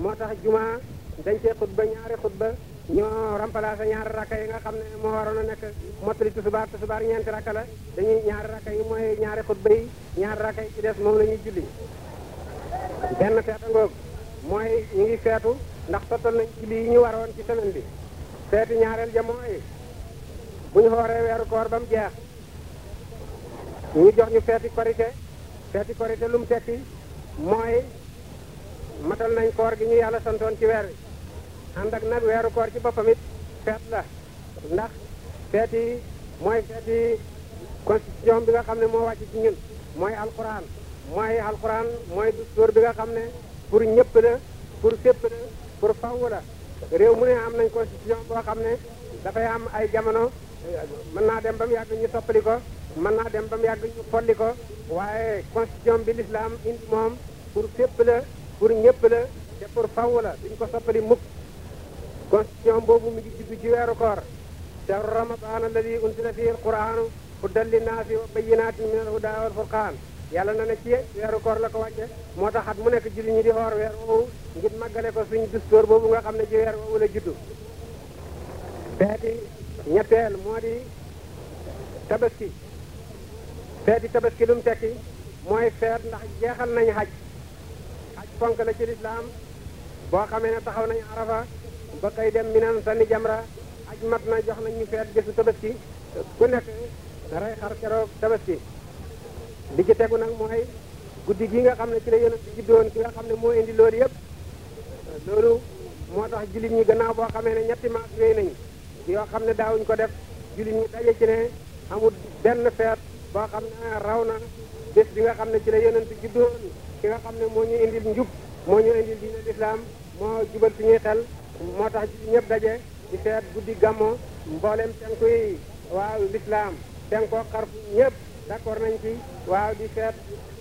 moo tax jumaa dañ cee xutba ñaari xutba ñoo remplacé ñaari rakka yi nga xam ne moo waroon a nekk mottali tusubaar tusubaar ñeenti rakka la dañuy ñaari rakka yi mooy ñaari xutba yi ñaari rakka yi ci des moom la ñuy julli benn feeta ngoog mooy ñu ngi feetu ndax sottal nañ julli yi ñu waroon ci semaine bi feeti ñaareel ja mooy bu ñu xooree weeru koor ba mu jeex ñu jox ñu feeti korité feeti korité lu mu tekki mooy matal nañ koor gi ñu yàlla santoon ci weer wi ànd ak nag weeru koor ci boppam feet la ndax feet yi mooy feet yi constitution bi nga xam ne moo wàcc ci ñun mooy alquran mooy alquran mooy dustoor bi nga xam ne pour ñëpp la pour fépp la pour faw mu ne am nañ constitution boo xam ne dafay am ay jamono mën naa dem ba mu yàgg ñu soppali ko mën naa dem ba mu yàgg ñu folli ko waaye constitution bi l'islam indi moom pour fépp pour ñëpp la te pour faww la duñ ko soppali mukk constitution boobu mu ngi juddu ci weeru koor shahru ramadan alladi unsila fihi alquranu hudan linnaasi wa bayinatin min alhuda wal furqan yàlla na ne ci weeru koor la ko wàcce moo tax at mu nekk julli ñi di xoor weer woowu ngir màggale ko suñ dustóor boobu nga xam ne ji weer woowu la juddu feeti ñetteel moo di tabaski feeti tabaski lu mu tekki mooy feet ndax jeexal nañu xaj fonk la ci lislaam boo xamee na taxaw nañu arafa ba kay dem minan sànni jamra aj mat na jox nañu feet bésu tabaski ku nekk rey xar keroog tabaski li ci tegu nag mooy guddi gi nga xam ne ci la yonent bi ki nga xam ne moo indi loolu yëpp loolu moo tax jullit ñi gannaaw boo xamee ne ñetti maas yooyu nañ yoo xam ne daawuñ ko def jullit ñi daje ci ne amul benn feet boo xam ne raw na bés bi nga xam ne ci la yonent juddoon ki nga xam ne moo ñu indil njub moo ñu indil diine lislaam moo jubal suñuy xel moo tax ñëpp daje di seet guddi gàmmo mbooleem tenku yi waaw lislaam xar xarfu ñëpp d'accord nañ ci waaw di seet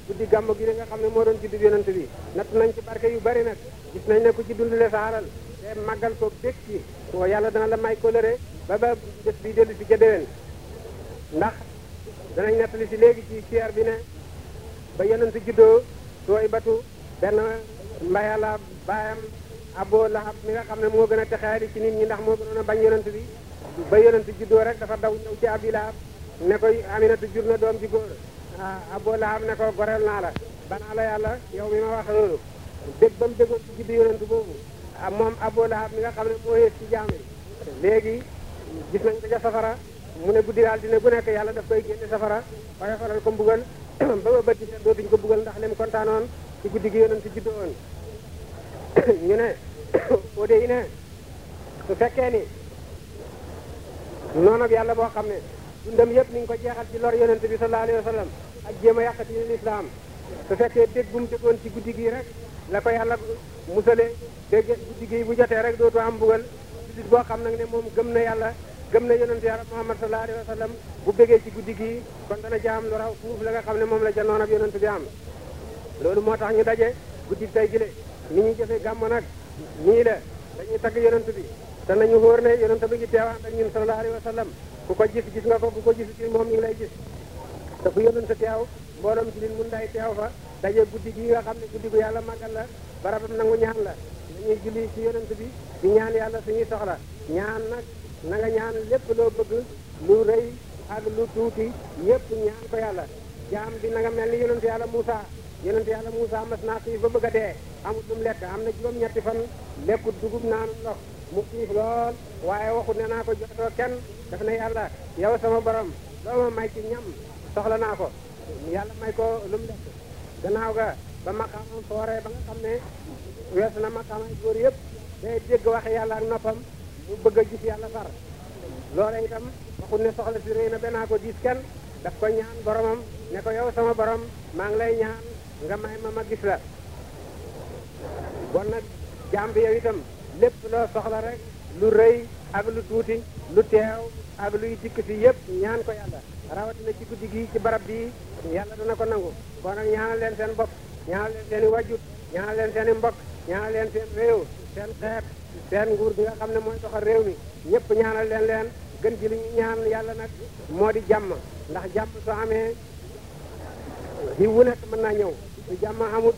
guddi gàmmo gi nga xam ne moo doon juddu yonent bi natt nañ ci barke yu bari nag gis nañ ne ko ci dundale sa alal te màggal ko bég ci yàlla dana la may coloré ba ba bés bi dellu si ca déwén ndax danañ ci siyaar bi ne ba yonent juddoo Suwaybatu benn mbaya la baayam Abu Lahab mi nga xam ne moo gën a texaali ci nit ñi ndax moo gënoon a bañ yonent bi ba yonent juddoo rek dafa daw ñëw ci Abi Lahab ne ko Aminatu jur na doom ji a ah, Abu Lahab ne ko goreel naa la banaa la yàlla yow mi ma wax loolu dég ba mu dégoon ci juddu yonent ah, moom Abu Lahab mi nga xam ne boo yées ci jaam yi léegi gis nañ ko ca safara mu ne guddi daal dina bu nekk yàlla def koy génne safara waaye faral ko ba ba bët set dootuñ ko buggal ndax lim kontaanoon ci guddi gi yonent juddoo woon ñu ne ode yi ne su fekkee ni noonu ak yàlla boo xam ne dundam yëpp ni nga ko jeexal ci lor yonent bi sallallahu alayhi wa sallam ak jéem a yàqati lislaam su fekkee dégg bu mu déggoon ci guddi gi rek la ko yàlla musale dégg guddi gi bu jotee rek dootu am buggal jullit boo xam nag ne moom gëm na yàlla gëm na yonent yàlla Muhammad sallallahu alayhi wa sallam bu bëggee ci guddi gi kon dana jaam lu raw fuuf la nga xam ne moom la janoon ak yonent bi am loolu moo tax ñu daje guddi tay jile ni ñuy jëfee gàmm nag nii la dañuy tagg yonent bi te nañu wóor ne yonent bi ngi teewaan ak ñun sallallahu alayhi wa sallam ku ko gis gis nga ku ko gis ci moom ñu ngi lay gis te fu yonent teew mbooloom ci lin mun day teew fa daje guddi gi xam ne guddi gu yàlla màggal la barabam nangu ñaan la dañuy julli ci yonent bi di ñaan yàlla suñuy soxla ñaan nag na ñaan lépp loo bëgg lu rëy ak lu tuuti yépp ñaan ko yàlla jaam bi na nga mel ni yonent yàlla Moussa yonent yàlla Moussa mas naa xiif ba bëgg a dee amut lu mu lekk am na juróom-ñetti fan lekkut dugub naanu ndox mu xiif lool waaye waxut ne naa ko jotoo kenn daf na yàlla yow sama borom loo ma may ci ñam soxla naa ko yàlla may ko lu mu lekk gannaaw ga ba maqaamam fooree ba nga xam ne weesu na maqaamay góor yëpp day dégg waxe yàlla ak noppam mu bëgg a gis yàlla far loola itam waxut ne soxla si réy na ba naa ko diis kenn daf ko ñaan boromam ne ko yow sama borom maa ngi lay ñaan nga may ma ma gis la bon nag jaam bi yow itam lépp loo soxla rek lu rëy ak lu tuuti lu teew ak luy tikk si yëpp ñaan ko yàlla rawatina jikk guddi gi ci barab bi yàlla dana ko nangu kon nag ñaanal leen seen bopp ñaanal leen seen i leen seen i mbokk leen seen xeet seen nguur gi nga xam ne mooy doxal réew mi ñëpp ñaanal leen leen gën ci li ñu ñaan yàlla nag moo di jàmm ndax jàmm soo amee xiw wu nekk mën naa ñëw su jàmm amut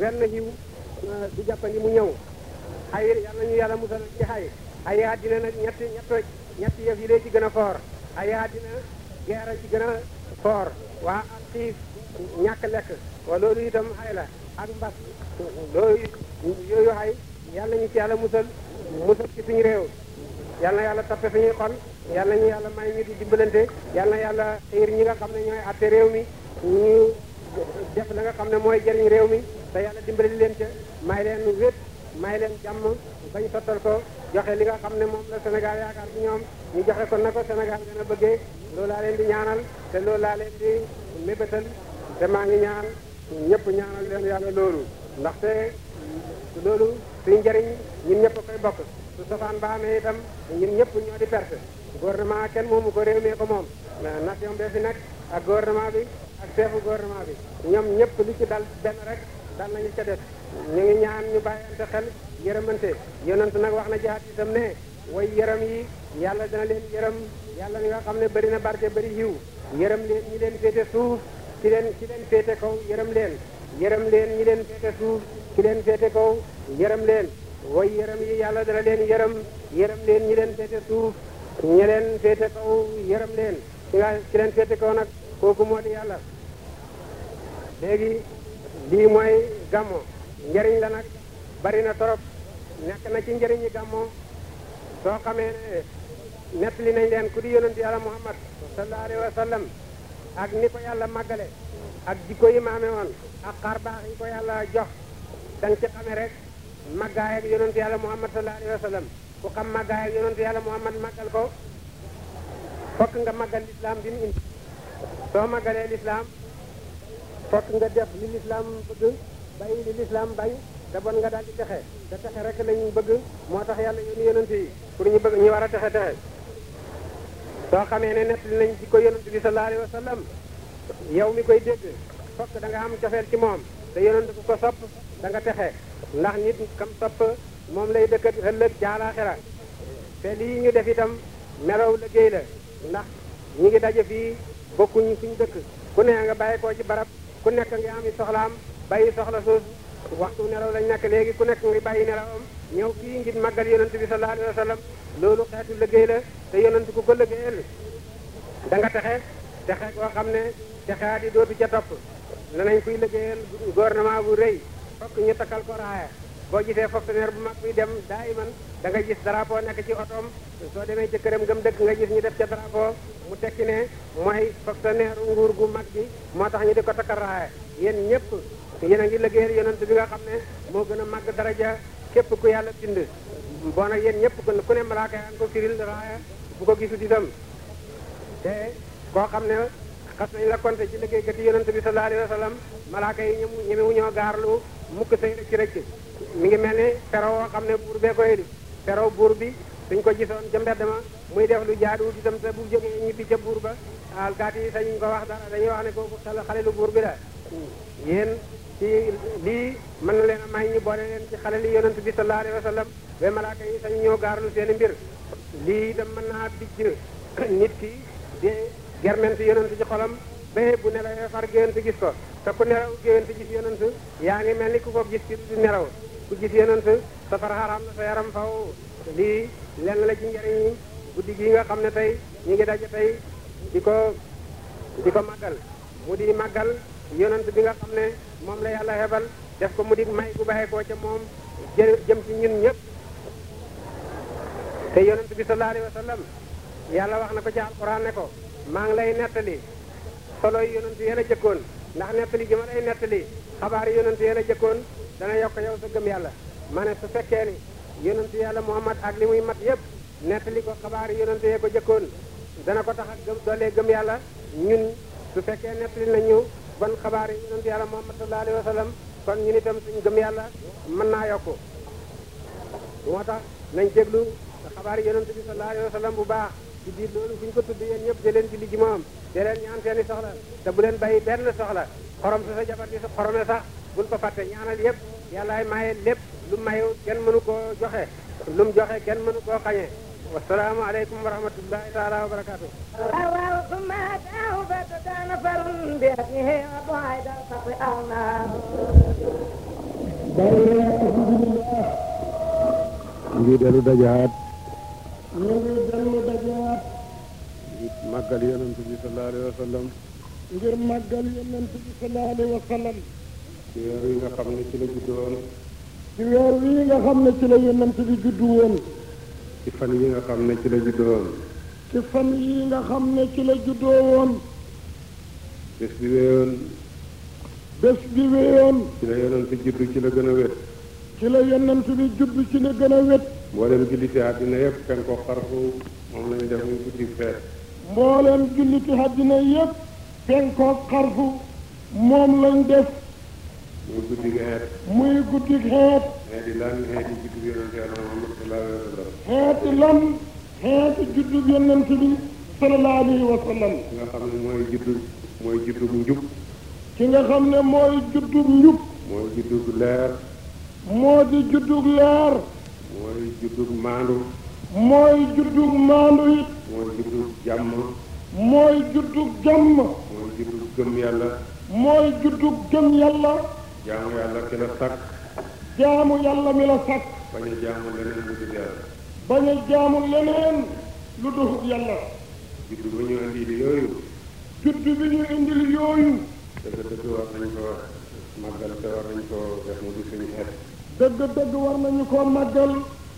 wenn xiw euh, du jàppandi mu ñëw xay yàlla ñu yàlla musal ci xay xay àddina nag ñetti ñetti yëf yi lay ci gën a foor xay àddina guerre ci gën a foor waa ak ñàkk lekk wa loolu itam xay la ak mbas loolu yooyu xay yàlla ñu ci yàlla musal musal ci suñu réew yàlla na yàlla tappe ñuy xol yàlla ñu yàlla may ñu di dimbalante yàlla na yàlla xiir ñi nga xam ne ñooy atte réew mi ñu def la nga xam ne mooy jëriñ réew mi te yàlla dimbali leen ca may leen wét may leen jàmm bañ sottal ko joxe li nga xam ne moom la Sénégal yaakaar ci ñoom ñu joxe ko na ko Sénégal gën a bëggee loolu laa leen di ñaanal te loolu laa leen di mébétal te maa ngi ñaan ñëpp ñaanal leen yàlla loolu ndaxte loolu suñ njëriñ ñu ñëpp koy bokk su safaan ba amee itam ñu ñëpp ñoo di perte gouvernement kenn moomu ko réew mee ko moom nation bee fi nekk ak gouvernement bi ak chefu gouvernement bi ñoom ñëpp li ci dal benn rek dal nañu ca def ñu ngi ñaan ñu bàyyante xel yërëmante yonent nag wax na jaat tam ne way yërëm yi yàlla dina leen yërëm yàlla ni nga xam ne bari na barke bëri yiw yërëm leen ñi leen féete suuf ci leen ci leen féete kaw yërëm leen yërëm leen ñi leen féete suuf ci leen féete kaw yërëm leen way yërëm yi yàlla dana leen yërëm yërëm leen ñi leen féete suuf ñi leen féete kaw yërëm leen ki nga ci leen féete kaw nag kooku moo di yàlla léegi lii mooy gàmmo njëriñ la nag bari na torop nekk na ci njëriñi gàmmo soo xamee ne nettali nañ leen ku di yonent yàlla muhammad sallallahu alayhi wa ak ni ko yàlla maggale ak jikko yi maame woon ak xar baax yi ko yàlla jox danga ci xame rek màggaay ak yonent yàlla muhammad sallallahu alayhi wa sallam ku xam màggaay ak yonent yàlla muhammad màggal ko fokk nga màggal lislaam bi mu indi soo màggalee lislaam fokk nga def li lislaam bëgg bàyyi li lislaam bañ te bon nga daal di texe te texe rek lañu bëgg moo tax yàlla yónni yonent yi pour ñu bëgg ñu war a texe texe soo xamee ne nett nañ ci ko yonent bi sallallahu alayhi wa yow mi koy dégg fokk da nga am cofeel ci moom te yonent bu ko sopp da nga texe ndax nit kam topp moom lay dëkkat ëllëg ca àllaaxira te lii ñu def itam melaw liggéey la ndax ñi ngi daje fii bokkuñ suñu dëkk ku ne nga bàyyi koo ci barab ku nekk nga am soxla am bàyyi soxla suuf waxtu nelaw lañ nekk léegi ku nekk ngi bàyyi nelawam ñëw fii ngir màggal yonent bi sallallahu alayhi wa sallam loolu xeetu liggéey la te yonent ku ko liggéeyal da nga texe texe koo xam ne texeat yi dootu ca topp danañ kuy liggéeyal gouvernement bu rëy fokk ñi takkal ko raaya boo gisee fonctionnaire bu mag bi dem daay man da nga gis drapeau nekk ci otoom soo demee ci këram gëm dëkk nga gis ñu def ca drapeau mu tekki ne mooy fonctionnaire nguur gu mag bi moo tax ñu di ko takkal raaya yéen ñëpp yéen a ngi liggéeyal yonent bi nga xam ne moo gën a màgg daraja képp ku yàlla bind boo nag yéen ñëpp ku ne malaaka yaa ko firil raaya bu ko gisu itam te koo xam ne xas nañ la konte ci liggéeykat yi yonent bi sallallahu alayhi wa sallam malaaka yi mi ngi mel ne pero woo xam ne buur bee koy di pero buur bi suñ ko gisoon ca mbedd ma muy def lu jaaduwut itam te bu ca buur ba alkaati yi sañuñ ko wax dara dañuy wax ne kooku xale lu buur bi la yéen ci lii mën na leen a may ñu boole leen ci xale li yonent bi sallallahu alayhi wa sallam ba malaaka yi sañu ñoo gaarlu seen mbir lii itam mën naa bijj nit ki de germent yonent ci xolam béy bu nelawee far gént gis ko te ku nelaw gént gis yonent yaa ngi mel ni ku ko gis ci neraw nelaw ku gis yonent safar xaram la sa yaram faw lii lenn la ci njëriñ yi guddi gi nga xam ne tey ñu ngi daje tey di ko di ko màggal mu di màggal yonent bi nga xam ne moom la yàlla hebal def ko mu di may bu baxee koo ca moom jëm ci ñun ñëpp te yonent bi sallallahu alayhi wa sallam yàlla wax na ko ci alquran ne ko maa ngi lay nettali solo yi yonent yéen a jëkkoon ndax nettali gi ma lay nettali xabaar yi yonent yéen a jëkkoon dana yokk yow sa gëm yàlla ma su fekkee ni yonent yàlla Muhammad ak li muy mat yépp nettali ko xabaar yi yonent yee ko jëkkoon dana ko tax ak gëm doolee gëm yàlla ñun su fekkee nettali nañu ban xabaar yi yonent yàlla Muhammad sallallahu alayhi wa sallam kon ñun itam suñ gëm yàlla mën naa yokku moo tax nañ déglu xabaar yi yonent bi sallallahu bu baax ci biir loolu ko tudd yéen ñëpp jëleen ci li jimaam jëleen ñaan seeni soxla te bu leen bàyyi benn soxla xorom su sa jabar di xorome sax buñ ko fàtte ñaanal yëpp yàllaay maye lépp lu mayu kenn mënu koo joxe lu mu joxe kenn mënu koo xañe wasalaamu aleykum wa rahmatullahi taala wa barakaatu waaw summa ataahu fatata nafarun bi ahlihi wa bu'ayda màggal yonent bi sallallahu ngir màggal yonent bi sallallahu ci weer wi nga xam ne ci la juddu woon ci weer wi nga xam ne ci la juddu woon ci fan yi nga xam ne ci la juddoo woon ci fan yi nga xam ne ci la juddoo woon bés bi wéyoon bés ci la yonent bi juddu ci la gën a wét ci la yonent bi juddu ci la gën a wét mboolem jullit yi àddina yëpp kan ko xarfu moom lañu def muy guddi feet mbooleem julliti àddina yépp penkook xarfu moom lañ def muy guddi xeet muy guddi xeet xeeti lan xeeti juddub yonente yàlla Muhammad sallallahu nga xam ne mooy juddu mooy juddub njub ki nga xam ne mooy juddub njub mooy juddub leer moo di juddub leer mooy juddub maandu mooy juddug maandu it. mooy juddug jàmm. mooy juddug jàmm. mooy juddug gëm yàlla. mooy juddug gëm yàlla. jaamu yàlla ki la sàkk. jaamu yàlla mi la sàkk. bañ a jaamu leneen lu dul yàlla. bañ a jaamu leneen lu dul juddu bi ñu indil yooyu. yooyu. dëgg-dëgg war nañ ko màggal te war nañ ko def mu di suñu xeet. dëgg-dëgg war nañu koo màggal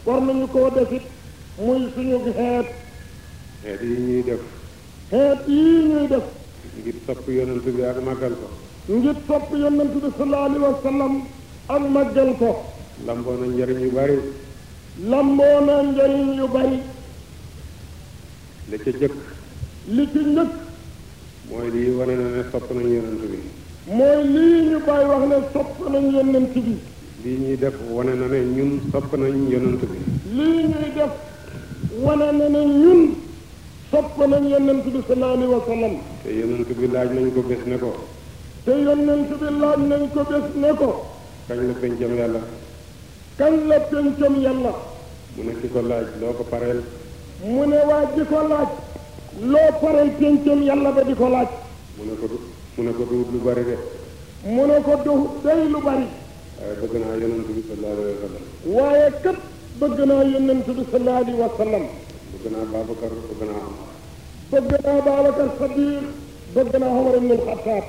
war nañu koo defit muy suñu xeet. xeet yi ñuy def. xeet yi ñuy def. ngir topp yonent bi ak màggal ko. ngir topp yonent bi sallallahu alayhi wa ak màggal ko. lamboo njariñ yu bari. lamboo na njariñ li ci njëkk. li mooy lii wane na ne sopp nañ yonent bi. mooy lii ñu bàyyi wax ne sopp nañ yonent bi. lii ñuy def wane na ne ñun sopp nañ yonent bi. lii ñuy def. wane na ne ñun sopp nañ yonent bi sallallahu alayhi wa sallam te yonent bi laaj nañ ko bés ne ko te yonent bi laaj nañ ko bés ne ko kañ la pencam yàlla kañ la pencam yàlla mu ne ki ko laaj loo ko pareel mu ne waa di ko laaj loo pareel pencam yàlla ba di ko laaj mu ne ko mu ne ko duut lu bari de mu ne ko duut day lu bari waaye bëgg naa yonent bi sallallahu alayhi waaye kat bëgg naa yonent bi sallallahu alayhi wa a bëgg naa Babacar bëgg naa Omar bëgg naa Babacar Sadiq bëgg naa Omar ibn al-Khattab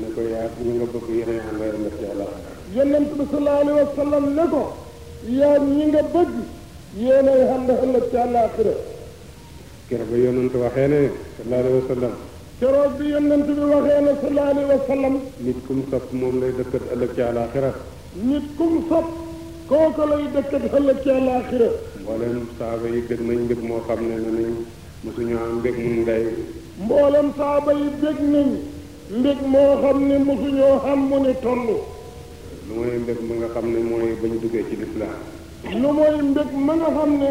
ne ko yaa ñi nga bëgg yéen a ànda na ci yàlla yonent bi sallallahu alayhi wa sallam ne ko yaa ñi nga bëgg yéen ay ànd ëllëg ci àllaaxira keroog bi yonent waxee ne sallallahu alayhi wa sallam keroog bi yonent bi waxee ne sallallahu alayhi wa sallam nit kum sopp moom lay dëkkat ëllëg ci àllaaxira nit kum kooku lay dëkk ak ëllëg ci àllaaxira mboolem saaba yi bëgg nañ bëgg moo xam ne ne nañ mosuñu am mbég mun ngay mboolem ne mosuñoo xam mu ni toll lu mooy mbég ma nga xam ne mooy bañ duggee ci lislaam lu mooy mbég ma nga xam ne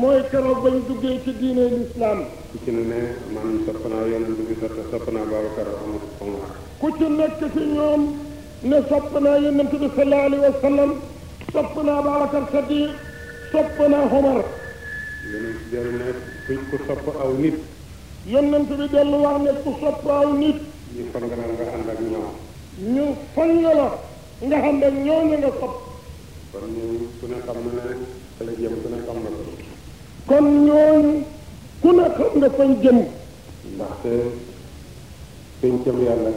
mooy keroog bañ duggee ci diine lislaam ku ci ne ne man sopp naa yonent bi sopp naa Babacar Omar ku ci nekk ci ñoom ne sopp naa yonent bi sallallahu alayhi sopp naa Babacar Saddiq sopp sopp aw nit yonent bi dellu wax ne ku sopp aw nit ñu fanga la nga ànd ak ñoom ñu fanga la nga xam ne ñooñu nga sopp kon ñooñu ku ne ku na ko kon ñooñu ku ne xam nga jëm ndaxte pencam yàlla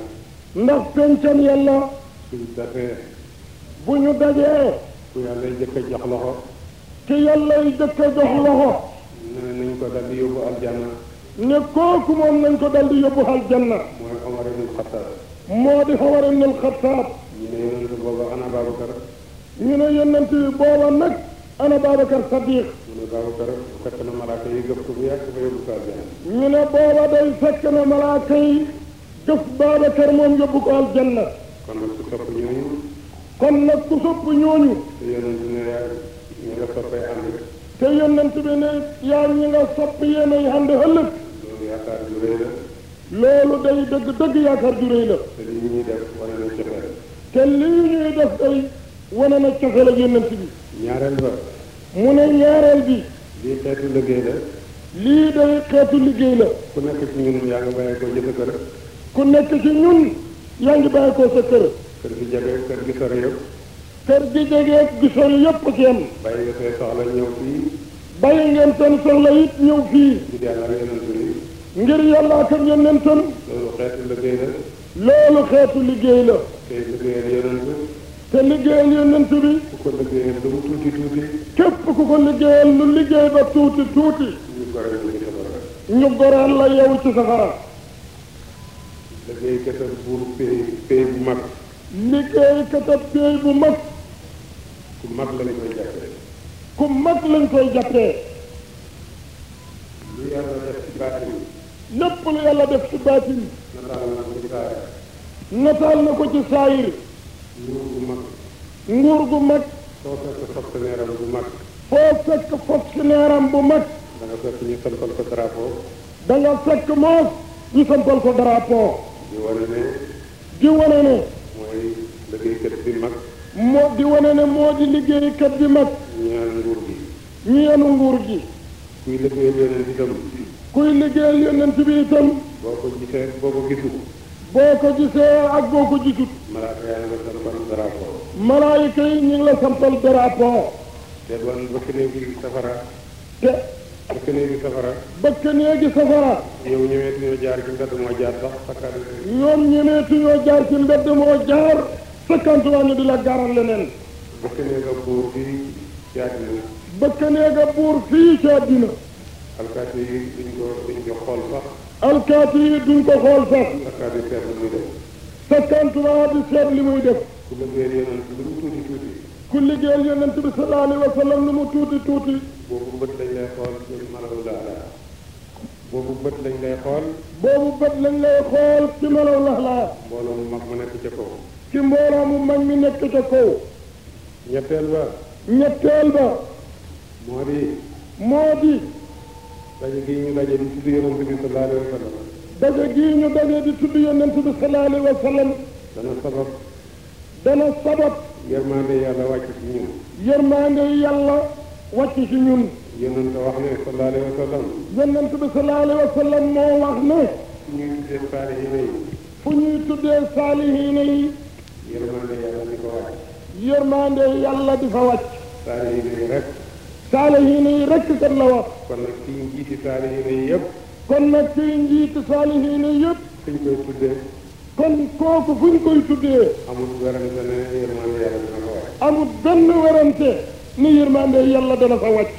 ndax pencam yàlla suñ dafee bu ñu dajee ku yàlla jëkk a jox loxo te yàlla jëkk a jox loxo ne nañ ko dal di yóbbu aljanna ne nañ ko dal di yóbbu aljanna mooy Omar ibn Khattab moo di Omar ibn Khattab ñu ne yonent booba ana Babacar ñu ne yonent booba nag ana Babacar Sadiq ñu ne Babacar fekk na malaaka yi gëf ko bu yàgg ba yóbbu ko aljanna ñu ne booba day fekk na malaaka yi gëf Babacar moom ko kon nag ku sopp ñooñu. te yonent bi ne yaa ñi nga soppay ànd nga. te yonent bi ne sopp yéen ay ànd ëllëg. loolu day dëgg dëgg yaakaar ju rëy la. te lii ñuy def wane na cofeel. te lii ñuy wane na cofeel ak yonent bi. ñaareel ba. mu ne ñaareel bi. lii xeetu liggéey la. lii day xeetu liggéey la. ku nekk ci ñun yaa ngi bàyyi ko jënd kër. nekk ci ñun yaa ngi bàyyi kër. kër gi jege kër gi sori yëpp. kër gi jege gi sori yëpp ak yéen. bàyyi nga seen soxla ñëw fii. bàyyi ngeen seen soxla it ñëw fii. ngir yàlla ak yeneen loolu xeetu liggéey la. loolu xeetu liggéey la. te liggéeyal yeneen bi. te liggéeyal yeneen bi. ku ko liggéeyal lu mu tuuti tuuti. tuuti tuuti. ñu goraan la yow ci safara. liggéey kese buur pay pay mag. liggéey katab téy bu mag ku mag lañ koy jàppee ku mag lañ koy jàppee lu yàlla def ci baatin lépp lu yàlla def ci baatin nataal na ko ci saayir nguur gu mag nguur gu mag foo fekk fonctionnaire am bu mag foo fekk fonctionnaire am bu mag da fekk ñu sampal ko drapeau da fekk moos ñu sampal ko drapeau di wane ne di wane ne mooy liggéeykat bi mag. moo di wane ne moo di liggéeykat bi mag. ñaan nguur gi. ñeenu nguur gi. kuy liggéeyal yonent bi itam. kuy liggéeyal yonent bi itam. boo ko gisee boo ko gisu. boo ko gisee ak boo ko gisut. malaaka yaa ngi la sampal drapeau. malaayika yi ñu la sampal drapeau. te doon bëgg ne bi safara. te. ba ka néegi safara ba ka néegi safara ñoom ñemeetuñoo jaar ci mbedd moo jaar sax sakkantu ci mbedd moo jaar sakkantu waa ñu di la gaaral leneen ba ka néega buur fii ci àddina ba ka néega buur fii ci àddina alkaati yi duñ ko xool sax alkaati yi duñ ko xool sax sakkantu seet li muy def sakkantu waa di seet li muy def ku liggéeyal yonent lu mu tuuti tuuti ku liggéeyal yonent bi sallallahu alayhi wa sallam lu mu tuuti tuuti boobu bët lañ lay xool ci malaw laa boobu bët lañ lay xool boobu bët lañ lay xool ci malaw laa mbooloo mu mag mu nekk ca kaw ci mbooloo mu mag mi nekk ca kaw ñetteel ba ñetteel ba moo di moo di daje gii ñu daje di tudd yonent bi sallallahu wa sallam ñu daje di tudd yonent bi sallallahu dana sabab dana sabab yërmande yàlla wàcc ci ñun yërmande yàlla wàcc ci ñun. yonent wax ne sallallahu alayhi wa sallam. yonent bi sallallahu alayhi wa sallam moo wax ne. fu ñuy tuddee saalihiina yi. fu ñuy tuddee saalihiina yi. yërmande yàlla di fa wàcc. yërmande yàlla di fa wàcc. saalihiina yi rek. saalihiina yi rek kat la wax. kon nag kii njiiti saalihiina yi yëpp. kon nag kii njiiti saalihiina yi yëpp. fu ñu koy tuddee. kon kooku fu ñu koy tuddee. amul werante ne yërmande yàlla di fa wàcc. amul benn werante. ni yërmande yàlla dana fa wàcc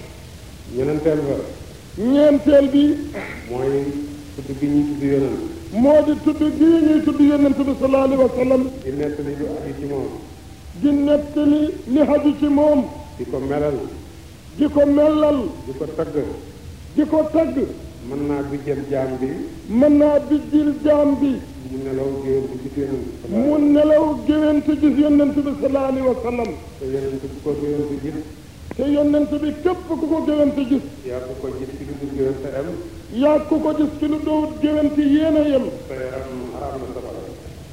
ñenenteel ba ñeenteel bi mooy tudd gi ñuy tudd yonent moo di tudd gi ñuy tudd yonent bi sallallahu alayhi wa sallam di lu aju ci moom di nettali li aju ci moom di ko melal di ko melal di ko tagg di ko tagg mën naa bijjal jaam bi mën naa bijjil jaam bi mu nelaw géwénte gis gis yonent bi sallallahu alayhi wa te yonent bi képp ku ko géwénte gis yaa ku ko gis ci lu dul géwénte am yaa ku ko gis ci lu dowut géwénte yéen a yem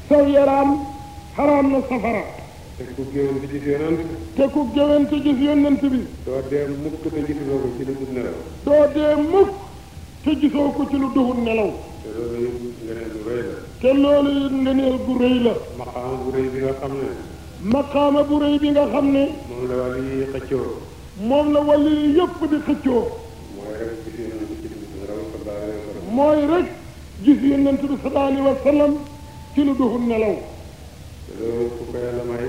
sa yaram xaraam na safara sa yaram xaraam na safara te ku géwénte gis gis yonent bi doo dee mukk te gisuloo ko ci lu dul nelaw doo dee mukk te gisoo ko ci lu doxul nelaw. te loolu it ngëneel gu rëy la. te loolu it la. maqaama bu bi nga xam ne. moom la wàll yi xëccoo. moom la wàll yi di xëccoo. mooy rek gis yonent bi sallallahu alayhi mooy rek gis yonent bi sallallahu alayhi wa lu doxul nelaw. te ku ko yàlla may.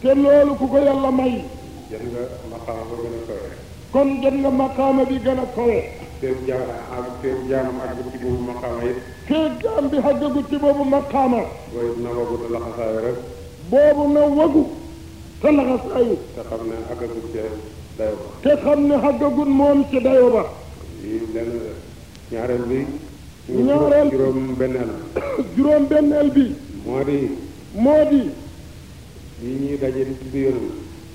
te ku ko yàlla may. jot maqaama ba gën a kawe. kon jot nga maqaama bi gën a seen jaara ak seen jaanam àgg ci boobu maqaama yi. seen jaam bi àggagul ci boobu maqaama. booy na wagu te laxasaayu rek. boobu na wagu te laxasaayu. te xam ne àggagul ci dayo ba. te xam ne àggagul moom ci dayo ba. yii lenn ñaareel bi. ñaareel juróom benneel. juróom bi. moo di. moo di. lii ñuy daje di tudd yonent.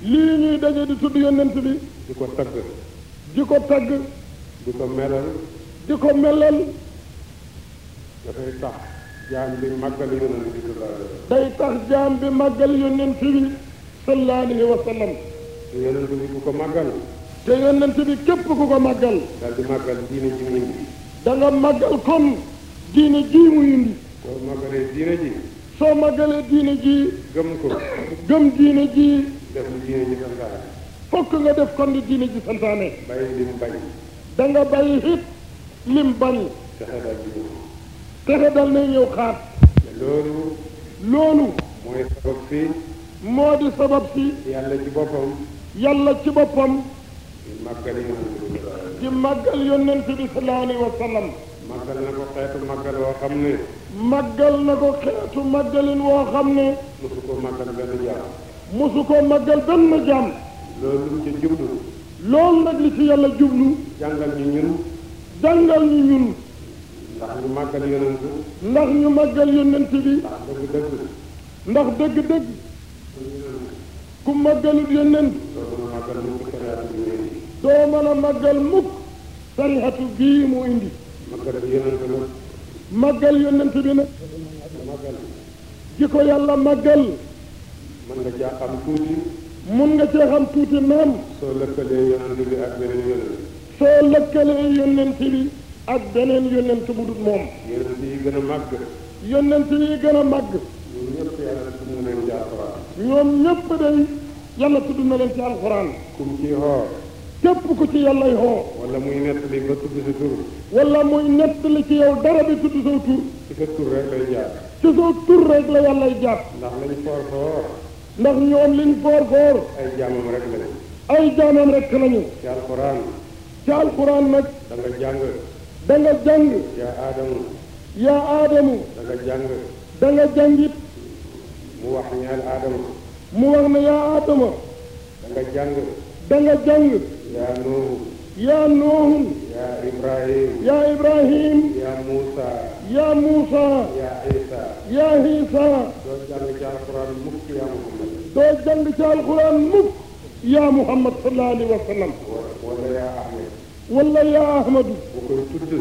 lii ñuy daje di tudd yonent bi. di ko tagg. di ko tagg. di ko melal di ko melal dafay tax jaam bi màggal yonent bi day tax jaam bi màggal yonent bi sallallahu alayhi wa sallam te yonent bi ku ko màggal te yonent bi képp ku ko màggal daal di màggal diine ji mu indi da nga kon diine ji mu indi soo màggalee diine ji soo màggalee diine ji gëm ko gëm diine ji def diine ji santaane fokk nga def kon diine ji santaane bàyyi li mu bañ da nga bàyyi it lim bañ. texe dal xaat. loolu. loolu. mooy sabab si. moo di sabab si. yàlla ci boppam. yàlla ci boppam. di màggal yonent bi. di màggal yonent bi sallallahu alayhi wa sallam. màggal na ko xeetu màggal woo xam ne. màggal na ko xeetu màggalin woo xam ne. musu ko màggal benn jaam. musu ko màggal benn jaam. loolu ci jublu. loolu nag li ci yàlla jublu jàngal ñu ñun jàngal ñu ñun ndax ñu màggal yonent ndax ñu màggal yonent bi ndax dëgg-dëgg ku màggalut yonent doo mën a màggal mukk sarihatu bii mu indi màggal yonent bi nag ji ko yàlla màggal nga jaa am tuuti mun nga cee xam tuuti naam. ye lëkkalee yonent bi ak beneen yonent. soo lëkkalee yonent bi ak beneen yonent bu dul moom. yonent yi gën a màgg. yonent yi gën a màgg. ñoom ñëpp yàlla tudd na leen ci alxuraan. ñoom ñëpp day yàlla tudd na leen ci alxuraan. kum ci xoo. képp ku ci yàllay xoo. wala muy nettali ba tudd sa tur. wala muy nettali ci yow dara bi tudd sa tur. ci sa tur rek lay jaar. ci sa rek la yàllay jaar. ndax lañ for foor. ndax ñoom liñ góor góor. ay jaamam rek lañu. ay jaamam rek lañu. ci alquran. ci alquran nag. da nga jàng. da nga jàng. yaa aadamu. yaa aadamu. da nga jàng. da nga jàngit. mu wax ñaal aadama. ibrahim. yaa ibrahim. yaa muusa. yaa Muusa. yaa Isa. yaa Isa. doo jàng ci alxuraan mukk yaa Muhammad. doo jàng ci alxuraan mukk yaa Muhammad sallallahu alayhi wa sallam. wala yaa Ahmed. wala yaa Ahmadu. bu koy tudd.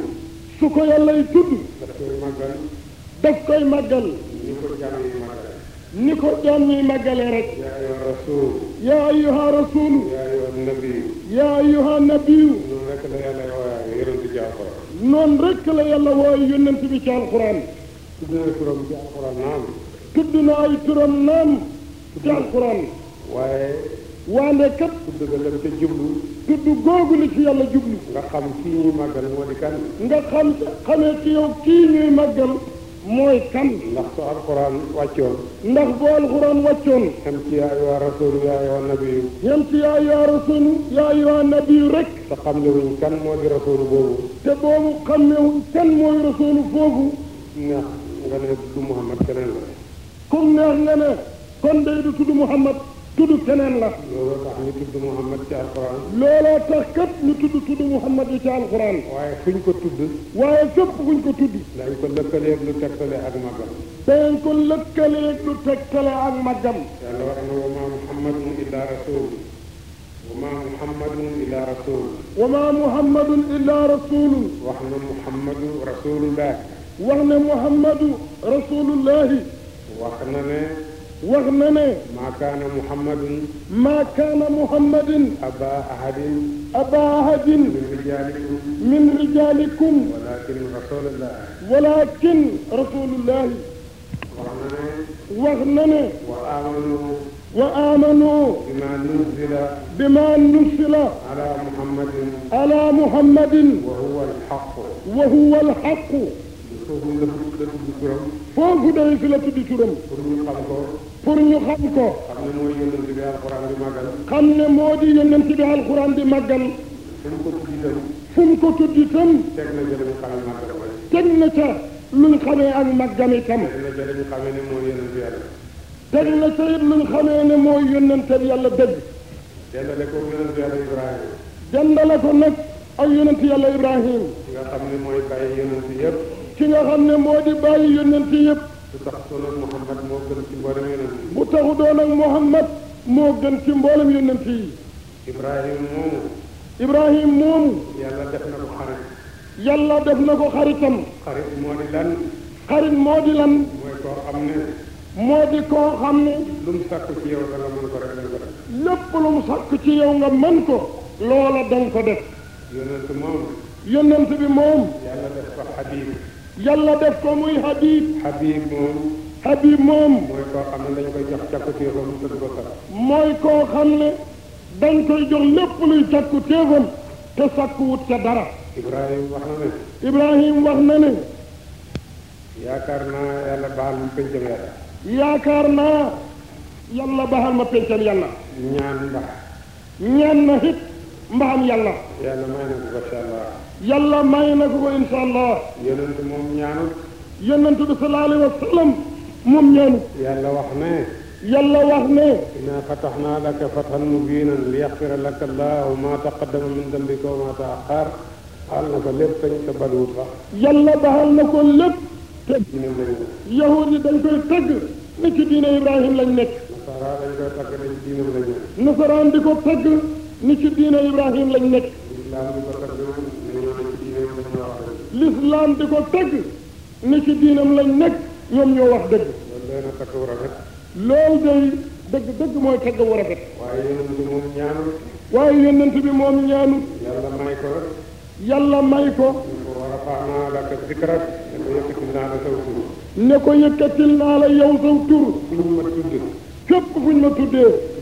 su ko yàllay tudd. daf koy màggal. daf koy màggal. ni ko jàng yi màggal. ni ko doom ñuy màggalee rek. yaa ayyuha rasul. yaa ayyuha rasul. yaa ayyuha nabiyu. yaa ayyuha nabiyu. noonu rek la yàlla wooyee yonent bi ci alxuraan. noonu rek la yàlla wooyee yonent bi ci alxuraan. tudd na turam ci alxuraan naam. tudd na ay turam naam. ci alxuraan. waaye. waande kat. tudd nga lam ca jublu. tudd googu la ci yàlla jublu. nga xam kii ñuy màggal moo di kan. nga xam xamee ci yow kii ñuy màggal. mooy kam ndax su alquran wàccoon ndax bu alquran wàccoon yam ci yaa yaa rasul yaa yaa nabiyu yam ci yaa yaa rasul yaa yaa nabiyu rek te xam ne wuñ kan moo di rasul boobu te boobu xam ne kan mooy rasul foofu neex nga Muhammad keneen la comme kon day du tudd Muhammad tudd keneen la. looloo tax ñu tudd Muhammad ci alquran. looloo tax kat ñu tudd tudd Muhammad ci alquran. waaye fuñ ko tudd. waaye fépp fuñ ko tudd. dañ ko lëkkaleeg lu tegtale ak magam. dañ ko lëkkaleeg lu tegtale ak magam. yàlla wax na wa maa Muhammadun illa rasul. wa maa Muhammadun illa rasul. wa maa Muhammadun illa rasul. wax na Muhammadu rasulullah. wax na Muhammadu rasulullah. wax na ne. wax na ne maa kaana muhammadun maa kaana muhammadun aba ahadin aba ahadin min rijalikum min rijalikum walakin rasulullah walakin rasulullah wax na ne wax na ne wa amanu wa amanu bima nuzila bima nuzila ala muhammadin ala muhammadin wa huwa alhaq wa huwa alhaq foofu day fi la tuddi turam pour ñu xam ko pour ñu xam ko. xam ne moo di yónnante bi alxuraan di màggal. xam ne moo di yónnante bi alxuraan di màggal. fu mu ko tudd itam. fu mu ko tudd itam. teg na ca luñ xamee màggal ko. teg na ca luñ xamee ak màggam itam. teg na ca luñ xamee ne mooy yónnante yàlla. teg na ca it luñ xamee ne mooy yónnante yàlla dëgg. dendale ko yónnante yàlla Ibrahima. dendale ko nag ak yónnante yàlla Ibrahima. ki nga xam ne mooy bàyyi yónnante yëpp. ki nga xam ne moo di bàyyi yónnante yëpp. bu tax doon ak Muhammad moo gën ci mboolem yonent yi. bu taxu doon ak Muhammad moo gën ci mboolem yonent yi. Ibrahim moomu. Ibrahim moomu. yàlla def na ko xarit. yàlla def na ko xaritam. xarit moo di lan. xarit moo di lan. mooy koo xam ne. moo di koo xam ne. lu mu sàkk ci yow danga mën ko rek danga ko def. lépp lu mu sàkk ci yow nga mën ko. loola danga ko def. yonent moom. yonent bi moom. yàlla def ko xabib. yàlla def ko muy Habib. Habib moom. Habib moom. mooy koo xam ne dañ koy jox càkku téefam te du ko sax. mooy koo xam ne dañ koy jox lépp luy càkku téefam te sàkkuwut ca dara. Ibrahima wax na ne. Ibrahima wax na ne. yaakaar naa yàlla baal ma pencam yàlla. yaakaar naa yàlla baal ma pencam yàlla. ñaan ba. ñaan mbaxam yàlla. yàlla may na ko ko incha allah. yàlla may na ko ko incha allah. yonent moom ñaanut. yonent bi sallallahu alayhi wa sallam moom ñaanut. yàlla wax ne. yàlla wax ne inna fatahnaa laka fathan mubiinan li yaxfira laka allahu ma taqaddama min dambika wa ma taaxar baal na ko lépp dañ ko baluwut sax yàlla baal na ko lépp te yahud yi dañ koy tëgg ne ci diine ibrahim lañ nekk nasaraan dañ koy tëgg ne ci diinam lañ nekk nasaraan di ko tëgg ni ci diine Ibrahim lañ nekk. l'islam di ko tëgg ni ci diinam lañ nekk ñoom ñoo wax dëgg. loolu day dëgg dëgg mooy tëgg wu rafet. waaye yonent bi moom ñaanul. waaye yonent bi moom ñaanul. yàlla may ko rek. yàlla may ko. ne ko yëkkatil naa la yow saw tur. ne ko yëkkatil naa la yow saw tur. képp fu ñu ma tuddee.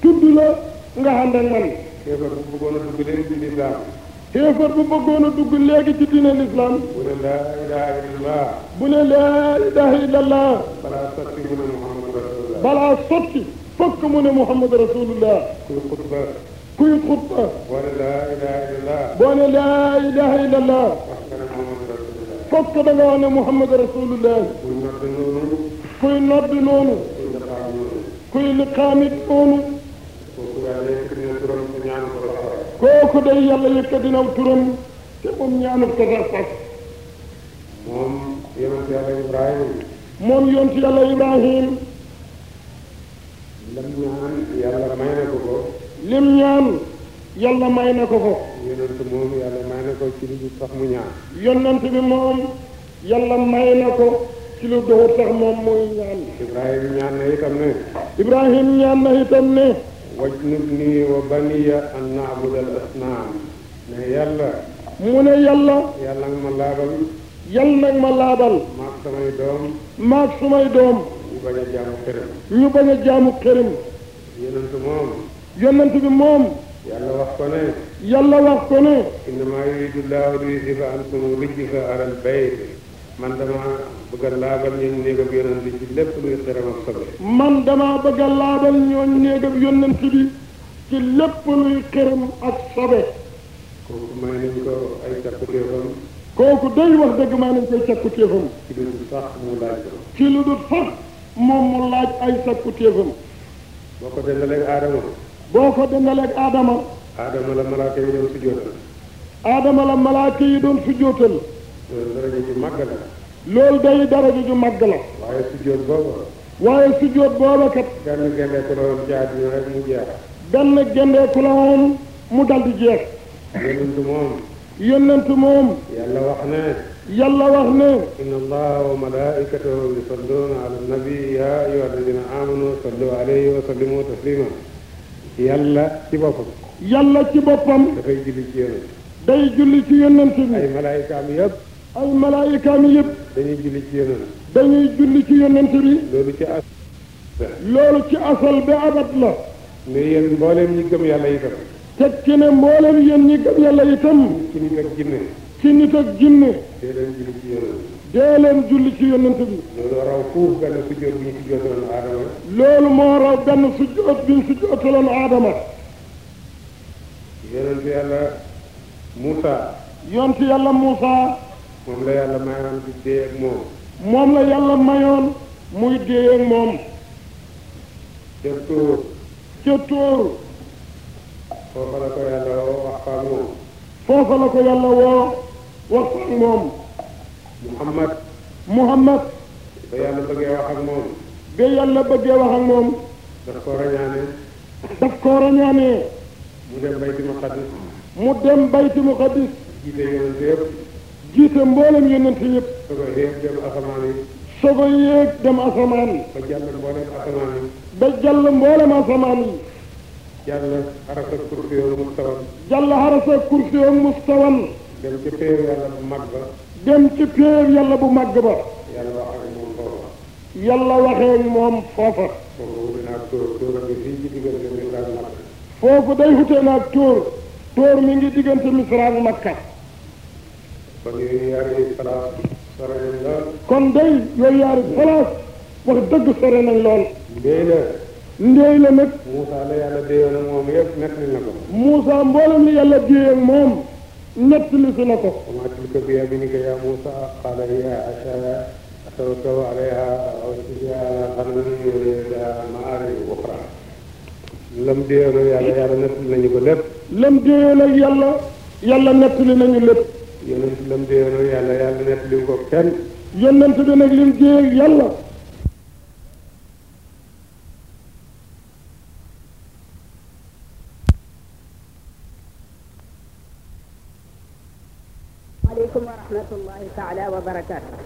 tudd la. nga ànd ak man. xeefar bu bëggoon a dugg léegi ci lislaam. xeefar bu bëggoon a dugg léegi ci diine lislaam. bu ne laa ilaha illallah. bu ne laa ilaha illallah. balaa sotti mu ne Muhammad rasulullah. balaa sotti fokk mu ne Muhammad rasulullah. kuy xutba. kuy xutba. boo ne laa ilaha illallah. boo ne laa ilaha illallah. fokk da nga wax ne Muhammad rasulullah. kuy nodd noonu. kuy nodd noonu. kuy liqaamit noonu. kooku day yàlla yëkkati na turam te moom ñaanu ko sax sax. moom yonent yàlla Ibrahim. moom yonent yàlla Ibrahim. ko ko. lim ñaan yàlla may ko ko. yonent moom yàlla may ko ci lu sax mu ñaan. yonent bi moom yàlla may ko ci lu doxul moom mooy ñaan. Ibrahim ñaan na itam ne. Ibrahim ñaan na itam ne. wajnubnii wa baniya an na'buda al asnaam ne yàlla mu ne yàlla yàlla nga ma laabal yàlla nga ma laabal maag samay doom maag samay doom ñu bañ a jaamu xërëm ñu bañ a jaamu xërëm yonent moom yonent bi moom yàlla wax ko ne yàlla wax ko ne innamaa yuriidu llaahu liyudhiba ankum rijsa ahlal man dama bëgg a laabal ñooñ néegab yonent bi ci lépp luy xeram ak sobe a laabal ñooñ néegab yonent bi ci kooku may nañ ko ay càkkutéefam kooku day wax dëgg may nañ koy càkkutéefam ci lu dul sax mu ko ci lu dul sax moom mu laaj ay càkkutéefam boo ko dendaleeg aadama boo ko dendaleeg aadama aadama la malaaka yi doon sujjóotal aadama la malaaka yi doon sujjóotal loolu daraja ju màgg la loolu day daraja ju màgg la. waaye sujjóot booba. waaye sujjóot booba kat. benn gendeeku la woon ci àddina rek mu jeex. benn gendeeku la woon mu dal di jeex. yonent moom. yonent moom. yàlla wax ne. yàlla wax ne. inna allaha wa malaa'ikatahu yusalluuna ala nabi ya ayyuha alladina amanu sallu alayhi wa sallimu taslima. yàlla ci boppam. yàlla ci boppam. dafay julli ci yonent. day julli ci yonent bi. ay malaayikaam yëpp. ay malaayikaam yëpp. dañuy julli ci yonent. dañuy julli ci yonent bi. loolu ci as. loolu ci asal ba abat la. ne yéen mbooleem ñi gëm yàlla itam. teg ci ne mbooleem yéen ñi gëm yàlla itam. ci nit ak jinne. ci nit ak jinne. dee leen julli ci yonent. dee leen julli ci yonent bi. loolu raw fuuf benn sujjoot bi ñu sujjootaloon aadama. loolu moo raw benn sujjoot bi ñu sujjootaloon aadama. yonent yàlla Moussa. yonent yàlla Moussa. moom la yàlla mayoon di moom. moom la yàlla mayoon muy dee moom. ca tóor. foofa la ko yàlla woo wax ak moom. Muhammad. Muhammad. ba yàlla bëggee wax ak moom. ba yàlla bëggee wax ak moom. daf koo rañaane. daf koo rañaane. mu dem bayti muqaddis. mu dem bayti muqaddis. jiite mboolem yonent yëpp. sogo yeeg dem asamaan yi. sogo yeeg dem asamaan yi. ba jàll mboolem asamaan yi. ba jàll mboolem asamaan yi. jàll xarasa kursiyoom mustawan. jàll xarasa mustawan. dem ci péer bu mag ba. dem ci péer yàlla bu mag ba. yàlla wax ak moom foofa. yàlla waxee foofu day xutee naag tóor tóor mi ngi diggant misra ak makka. kon yooyu yaari place sore nañ lool. kon day yooyu yaari place wax dëgg sore nañ lool. ndey la. ndey la nag. Moussa la yàlla déyoon ak moom yëpp nettali na ko. Moussa mboolem li yàlla déyee ak moom nettali si na ko. wa maa tilka bi yamiinika yaa Moussa qaala hiya ashaaya atawakkalu alayhaa wa asqiihaa qadahan min maa'in ukhraa. lam déyoon ak yàlla yàlla nettali nañu ko lépp. lam déyoon ak yàlla yàlla nettali nañu lépp. yonent bi lam déyoon ak yàlla yàlla nekk li mu ko kenn yonent bi nag lim déy ak yàlla aleykum wa rahmatullahi taala wa barakaatu